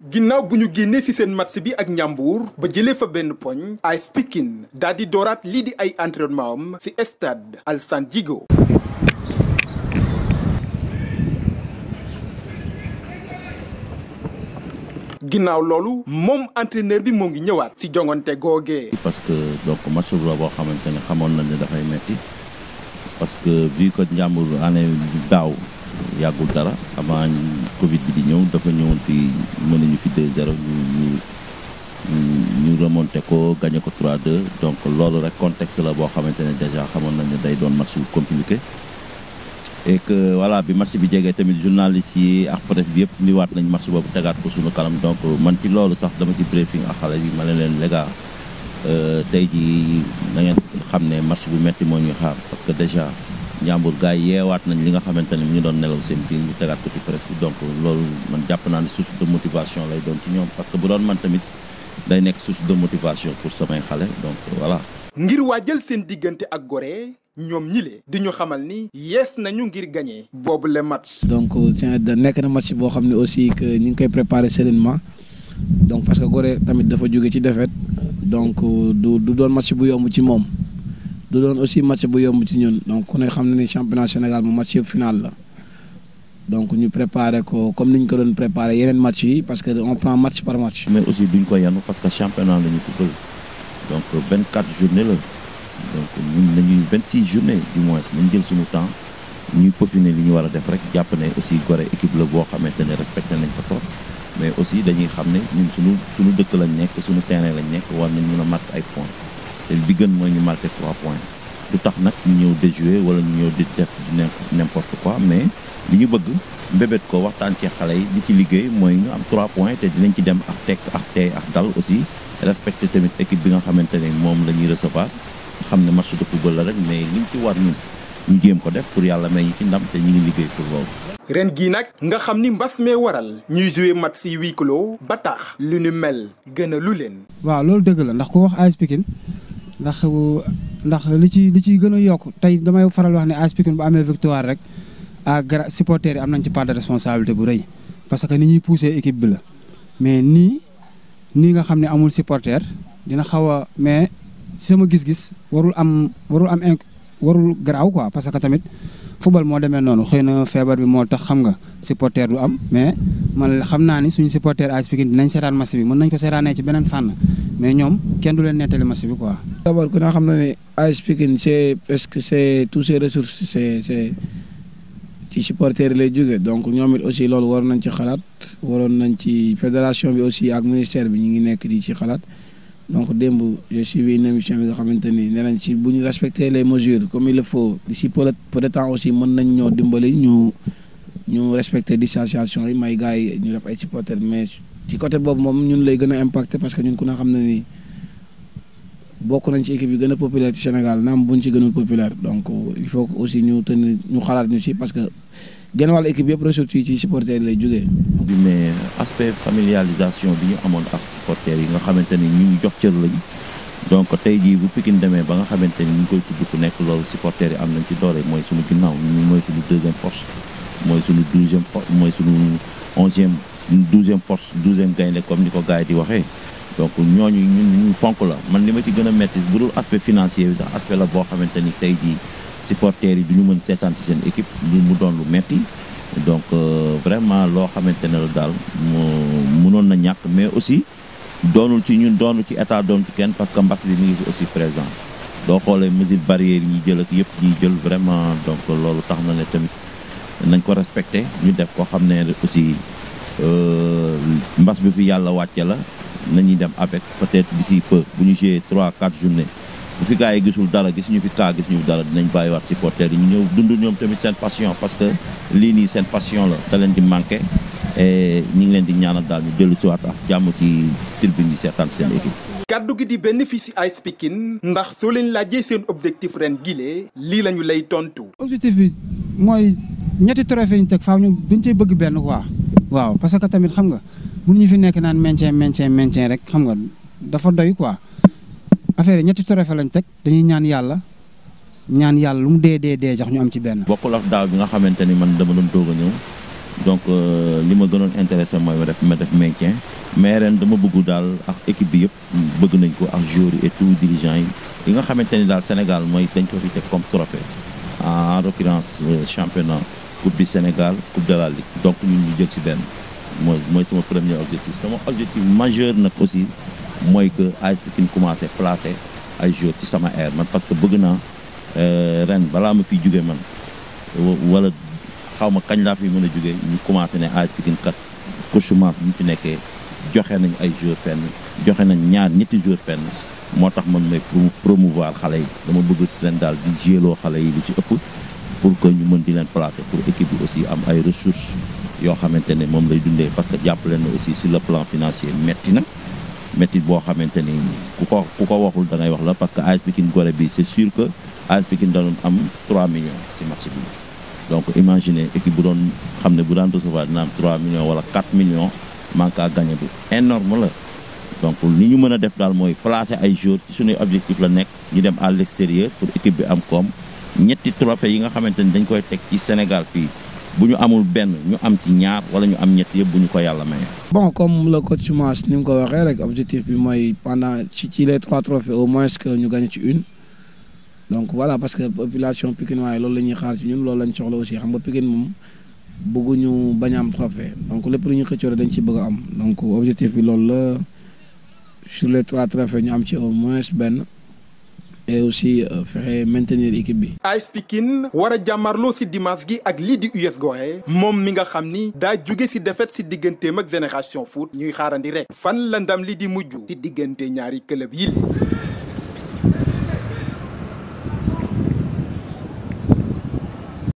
ginnaaw bu ñu génnee ci seen match bi ak Njàmbur ba jëlee fa benn poñ ay Pikine daal di dooraat lii di ay entraînement am ci stade Alassane Djigo ginnaaw loolu moom entraîneur bi moo ngi ñëwaat ci jongante googee parce que donc match la boo xamante ne xamoon na ne dafay metti parce que vu que Njàmbur année daaw yàggul dara avant Covid bi di ñëw dafa ñëwoon fi mën nañu fi 2-0 ñu ñu ñu remonté ko gagné ko 3-2 donc loolu rek contexte la boo xamante ne déjà xamoon nañu day doon match bu compliqué. et wala bi match bi jegee tamit journaliste yi ak presse bi yëpp liwaat nañ match boobu tegaat ko suñu kanam donc man ci loolu sax dama ci briefing ak xale yi ma ne leen les gars euh, tey ji na xam ne match bu metti moo ñuy xaar parce que déjà. njàmbur gars yeewaat nañ li nga xamante ne mi ngi doon nelaw seen biir ñu tegaat ko ci presse donc loolu man jàpp naa ne source de motivation lay doon ci ñoom parce que bu doon man tamit day nekk source de pour samay xale donc voilà. ngir waajal seen diggante ak Gorée ñoom ñile di ñu xamal ni yees nañu ngir gagné. boobu le match. donc euh, nekk na match boo xam ne aussi que ñu ngi koy préparé sereinement donc parce que gore tamit dafa jóge ci défaite donc euh, du du doon match bu yomb ci moom. du doon aussi match bu yomb ci ñun donc ku ne xam na ni championnat Sénégal mu match yëpp final la donc ñu préparé ko comme niñ ko doon préparé yeneen match yi parce que on prend match par match. mais aussi duñ ko yenn parce que championnat la ñu football donc 24 journées la donc ñun nañuy 26 journées du moins nañ jël suñu temps ñuy peaufiner li ñu war a def rek jàpp ne aussi gore équipe la boo xamante ne respecté nañ ko trop mais aussi dañuy xam ne ñun suñu suñu dëkk lañ nekk suñu terrain lañ nekk war nañ mën a marqué ay points. te li gën mooy ñu marqué trois points du tax nag ñu ñëw déjouer wala ñu ñëw di def di n'importe quoi mais li ñu bëgg mbébét ko waxtaan ci xale yi di ci liggéey mooy ñu am trois points te dinañ ci dem ak teg ak tey ak dal aussi respecté tamit équipe bi nga xamante ne moom la ñuy recevoir xam ne match de football la rek mais liñ ci war ñun ñu jéem ko def pour yàlla may ñu ci ndam te ñu ngi liggéey pour loolu. ren gii nag nga xam ni mbas mee waral ñuy joué match si ba tax lu ñu mel gën lu leen. waaw loolu dëgg la ndax ku wax AS ndax ndax li ci li ciy gën a yokk tey damay faral wax ne AS Pikine bu amee victoire rek ah gra supporters yi am nañ ci part de responsabilité bu rëy parce que ni ñuy poussé équipe bi la mais nii nii nga xam ne amul supporter dina xaw a mais si sama gis-gis warul am warul am inc warul garaaw quoi parce que tamit. football moo demee noonu xëy na feebar bi moo tax xam nga supporter du am mais man xam naa ni suñ supporter AS Pikine dinañ seetaan match bi mën nañ ko seetaanee ci beneen fànn mais ñoom kenn du leen nettali match bi quoi. d'abord ku ne xam na ne AS Pikine c'est presque c'est tous ses ressources c'est c'est ci supporter lay jóge donc ñoom it aussi loolu waroon nañ ci xalaat waroon nañ ci fédération bi aussi ak ministère bi ñu ngi nekk di ci xalaat. donc démb j'ai suivi une mission bi nga xamante ni nee nañ si bu ñu respecter les mesures comme il le faut d'ici peu de temps aussi mën nañ ñoo dimbali ñu ñu respecter distanciation yi may gars yi ñu def ay supporters mais ci côté boobu moom ñun lay gën a impacter parce que ñun ku naa xam na nii. bokk nañ ci équipe yi gën a populaire ci Sénégal naam buñ ci gënul populaire donc il faut que aussi ñu tenir ñu xalaat ñu si parce que genn wàll équipe yëpp ressources yi ci supporters yi lay jógee. mais aspect familialisation bi ñu amoon ak supporters yi nga xamante ni ñu jox cër lañu donc tey jii bu Pikine demee ba nga xamante ni ñu ngi koy tudd fu nekk loolu supporters yi am nañ ci doole mooy suñu ginnaaw ñu mooy suñu deuxième force mooy suñu douzième force mooy suñu onzième douzième force douzième gaynde comme ni ko gars yi waxee. donc ñooñu ñun ñu fonk la man li ma ci gën a métti bu dul aspect financier bi sax aspect la boo xamante ni tey jii supporters yi du ñu mën seetaan ci seen équipe lu mu doon lu metti donc euh, vraiment loo xamante ne la daal mu mënoon na ñàkk mais aussi doonul ci ñun doonul ci état doon ci kenn parce que mbas bi mi ngi aussi présent doo xoolee mesures barrières yi ñuy jël ak yëpp ñuy jël vraiment donc loolu tax na ne tamit nañ ko respecté ñu def ko xam ne aussi euh, mbas bi yàlla wàcce la nañuy dem avec peut-être d'ici peu bu ñu joué 3 4 journées bu fi gars yi gisul dara gis ñu fi kaa gis ñu fi dara dinañ bàyyiwaat supporters yi ñu ñëw dund ñoom tamit seen passion parce que lii nii seen passion la te leen di manqué et ñu ngi leen di ñaanal daal ñu dellu si waat jàmm ci tribune yi seetaan seen équipe. kaddu gi di benn bénéfice AS Pikine ndax soo leen laajee seen objectif ren gile lii la ñu lay tontu. objectif bi mooy ñetti trophée ñu teg faaw ñu duñ cee bëgg benn quoi waaw parce que tamit xam nga mun ñu fi nekk naan maintien maintien maintien rek xam nga dafa doy quoi affaire ñetti trophée lañ teg dañuy ñaan yàlla ñaan yàlla lu mu dee dee dee sax ñu am ci benn. bokkul ak daaw bi nga xamante ni man dama doon toog a ñëw donc euh, li ma gënoon intéressé mooy ma def ma def maintien mais ren dama bëgg daal ak équipe bi yëpp bëgg nañ ko ak joueurs yi et tout dirigeants yi li nga xamante ni daal Sénégal mooy dañ ko fi teg comme trophée en l'occurrence euh, championnat coupe du Sénégal coupe de la Ligue donc ñu jël ci benn. mooy mooy sama premier objectif sama objectif majeur nag aussi mooy que AS Pikine commencé placer ay joueurs ci sama air man parce que bëgg naa euh, ren balaa ma fi jóge man wala xaw ma kañ laa fi mën a jóge ñu commencé ne AS Pikine kat couchement bi mu fi nekkee joxe nañ ay joueurs fenn joxe nañ ñaar ñetti joueurs fenn moo tax man may promouvoir xale yi dama bëgg ren daal di jéloo xale yi lu ci ëpp pour que ñu mën di leen placer pour équipe bi aussi am ay ressources yoo xamante ne moom lay dundee parce que jàpp leen aussi sur la plan financier métti na métti boo xamante ni ku ko ku ko waxul da wax la parce que AS Pikine Gorée bi c'est sûr que AS Pikine danoon am 3 millions ci match bi donc imaginez équipe bu doon xam ne bu daan recevoir dina am 3 millions wala 4 millions manque à gagner bi énorme la donc li ñu mën a def daal mooy placer ay joueurs ci suñuy objectif la nekk ñu dem à l'extérieur pour équipe bi am koom ñetti trophée yi nga xamante ni dañ koy teg ci Sénégal fii bu ñu amul benn ñu am ci ñaar wala ñu am ñett yëpp bu ñu ko yàlla maye. bon comme le coach Mass ni mu ko waxee rek objectif bi mooy pendant ci ci les trois trophées au moins que ñu gagné ci une donc voilà parce que population Pikine waaye loolu la ñuy xaar ci ñun loolu la ñu soxla aussi xam nga Pikine moom bëgguñu bañ a am trophée donc lépp lu ñu xëccoo dañ ci bëgg am donc objectif bi loolu la sur les trois trophées ñu am ci au moins benn. et aussi euh, fexe maintenir équipe bi. AS Pikine war a jàmmarloo si dimanche gi ak lii di US Gorée moom mi nga xam ni daa jóge si défaite si digganteem ak génération foot ñuy xaarandi rek fan la ndam li di mujj si diggante ñaari club yi.